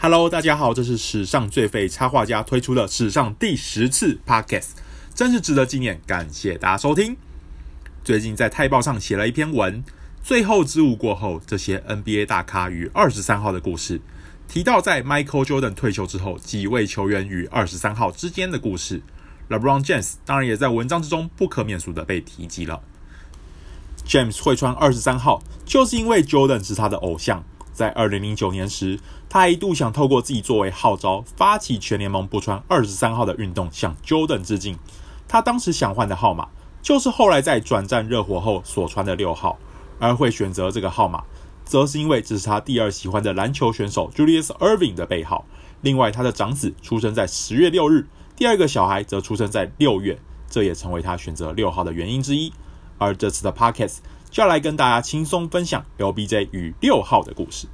Hello，大家好，這是史上最廢插畫家推出的史上第十次 Podcast，真是值得紀念。感謝大家收聽。最近在《泰報》上寫了一篇文，《最後之舞》過後，這些 NBA 大咖與二十三號的故事，提到在 Michael Jordan 退休之後，幾位球員與二十三號之間的故事。LeBron James 當然也在文章之中不可免俗的被提及了。James 會穿二十三號，就是因為 Jordan 是他的偶像。在二零零九年時，他一度想透過自己作為號召，發起全聯盟不穿二十三號的運動，向 Jordan 致敬。他當時想換的號碼，就是後來在轉戰熱火後所穿的六號。而會選擇這個號碼，則是因為這是他第二喜歡的籃球選手 Julius Erving 的背號。另外，他的長子出生在十月六日，第二個小孩則出生在六月，這也成為他選擇六號的原因之一。而這次的 Pockets。就要來跟大家輕鬆分享 LBJ 與六號的故事。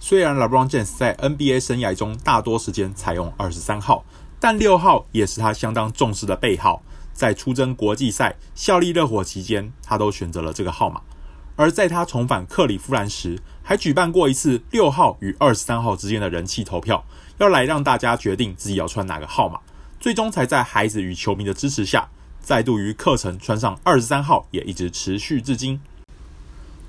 雖然 LeBron James 在 NBA 生涯中大多時間採用二十三號，但六號也是他相當重視的背號。在出征國際賽效力熱火期間，他都選擇了這個號碼。而在他重返克里夫蘭時，還舉辦過一次六號與二十三號之間的人氣投票，要來讓大家決定自己要穿哪個號碼。最終才在孩子與球迷的支持下。再度於課程穿上二十三號，也一直持續至今。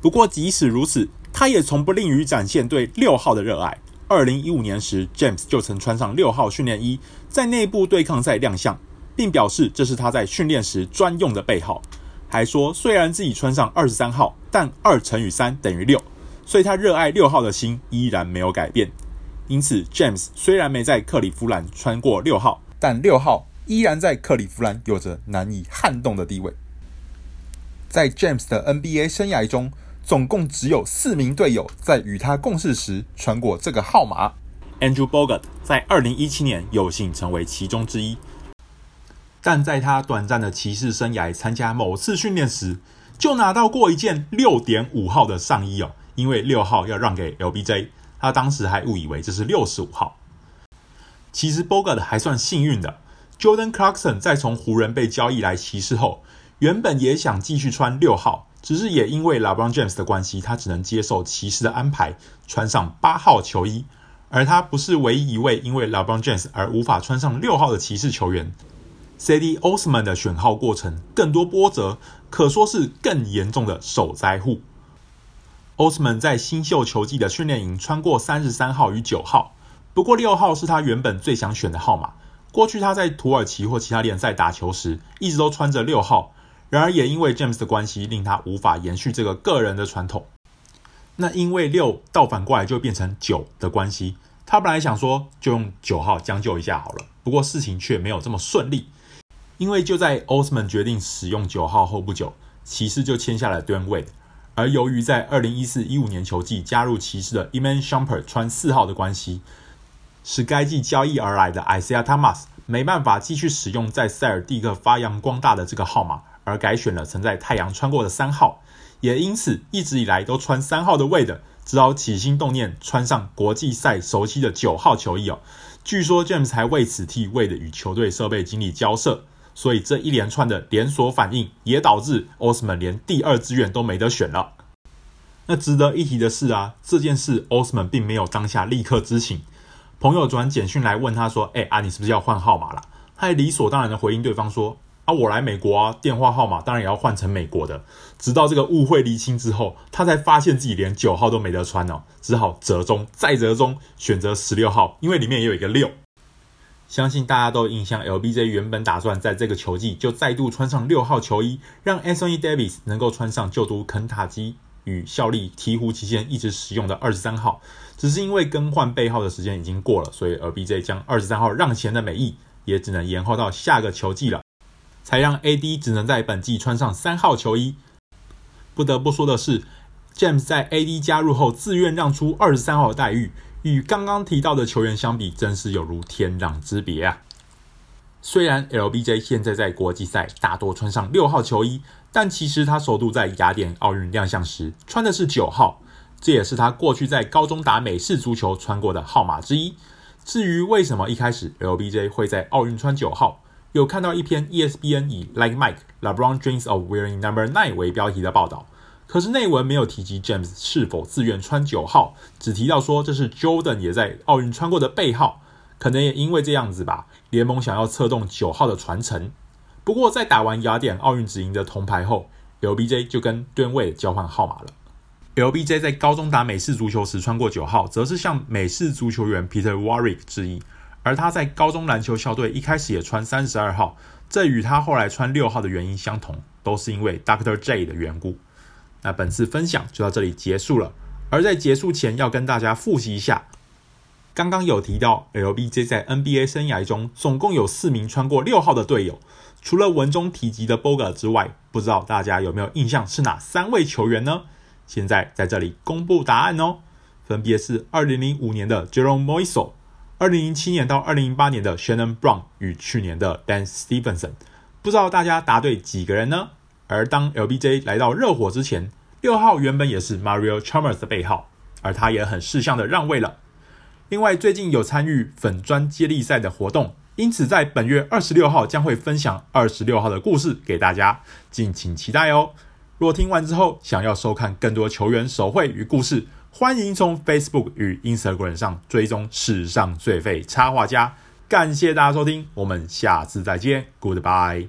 不過，即使如此，他也從不吝於展現對六號的熱愛。二零一五年時，James 就曾穿上六號訓練衣，在內部對抗賽亮相，並表示這是他在訓練時專用的背號。還說，雖然自己穿上二十三號，但二乘以三等於六，所以他熱愛六號的心依然沒有改變。因此，James 雖然沒在克利夫蘭穿過六號，但六號。依然在克利夫蘭有着難以撼動的地位。在 James 的 NBA 生涯中，總共只有四名隊友在與他共事時穿過這個號碼。Andrew Bogut 在二零一七年有幸成為其中之一，但在他短暫的騎士生涯參加某次訓練時，就拿到過一件六點五號的上衣哦。因為六號要讓給 LBJ，他當時還誤以為這是六十五號。其實 Bogut 還算幸運的。Jordan Clarkson 在從湖人被交易來騎士後，原本也想繼續穿六號，只是也因為 LeBron James 的關係，他只能接受騎士的安排，穿上八號球衣。而他不是唯一一位因為 LeBron James 而無法穿上六號的騎士球員。Cedi Osman 的選號過程更多波折，可說是更嚴重的受災戶。Osman 在新秀球季的訓練營穿過三十三號與九號，不過六號是他原本最想選的號碼。過去他在土耳其或其他聯賽打球時，一直都穿着六號。然而，也因為 James 的關係，令他無法延續這個個人的傳統。那因為六倒反過來就變成九的關係，他本來想說就用九號將就一下好了。不過事情卻沒有這麼順利，因為就在 Osman 決定使用九號後不久，騎士就簽下了 Dwyane Wade。而由於在2014-15年球季加入騎士的 Iman Shumpert 穿四號的關係。是該季交易而來的 Isaiah Thomas 沒辦法繼續使用在塞爾蒂克發揚光大的這個號碼，而改選了曾在太陽穿過的三號，也因此一直以來都穿三號的 Wade，只好起心動念穿上國際賽熟悉的九號球衣哦。據說 James 還為此替 Wade 與球隊設備經理交涉，所以這一連串的連鎖反應也導致 Osman 連第二志願都沒得選了。那值得一提的是啊，這件事 Osman 並沒有當下立刻知情。朋友轉簡訊來問他說：“哎、欸、啊，你是不是要換號碼了？”他還理所當然的回應對方說：“啊，我來美國啊，電話號碼當然也要換成美國的。”直到這個誤會釐清之後，他才發現自己連九號都沒得穿哦，只好折中再折中，選擇十六號，因為裡面也有一個六。相信大家都有印象，LBJ 原本打算在這個球季就再度穿上六號球衣，讓 Anthony Davis 能夠穿上就讀肯塔基與效力鵜鶘期間一直使用的二十三號，只是因為更換背號的時間已經過了，所以 LBJ 將二十三號讓賢的美意也只能延後到下個球季了，才讓 AD 只能在本季穿上三號球衣。不得不說的是，James 在 AD 加入後自願讓出二十三號的待遇，與剛剛提到的球員相比，真是有如天壤之別啊！雖然 LBJ 現在在國際賽大多穿上六號球衣，但其實他首度在雅典奧運亮相時穿的是九號，這也是他過去在高中打美式足球穿過的號碼之一。至於為什麼一開始 LBJ 會在奧運穿九號，有看到一篇 ESPN 以 Like Mike LeBron Dreams of Wearing Number Nine 為標題的報道，可是內文沒有提及 James 是否自願穿九號，只提到說這是 Jordan 也在奧運穿過的背號。可能也因為這樣子吧，聯盟想要策動九號的傳承。不過在打完雅典奧運直銀的銅牌後，LBJ 就跟 D-Wade 交換號碼了。LBJ 在高中打美式足球時穿過九號，則是向美式足球員 Peter Warrick 致意。而他在高中籃球校隊一開始也穿三十二號，這與他後來穿六號的原因相同，都是因為 Dr. J 的緣故。那本次分享就到這裡結束了。而在結束前，要跟大家複習一下。剛剛有提到，LBJ 在 NBA 生涯中總共有四名穿過六號的隊友，除了文中提及的 Boga 之外，不知道大家有沒有印象是哪三位球員呢？現在在這裡公布答案哦，分別是二零零五年的 Jerome Moiso，二零零七年到二零零八年的 Shannon Brown，與去年的 Dan Stevenson，不知道大家答對幾個人呢？而當 LBJ 來到熱火之前，六號原本也是 Mario Chalmers 的背號，而他也很識相的讓位了。另外，最近有參與粉專接力賽的活動，因此在本月二十六號將會分享二十六號的故事給大家，敬請期待哦。若聽完之後想要收看更多球員手繪與故事，歡迎從 Facebook 與 Instagram 上追蹤史上最廢插畫家。感謝大家收聽，我們下次再見，Goodbye。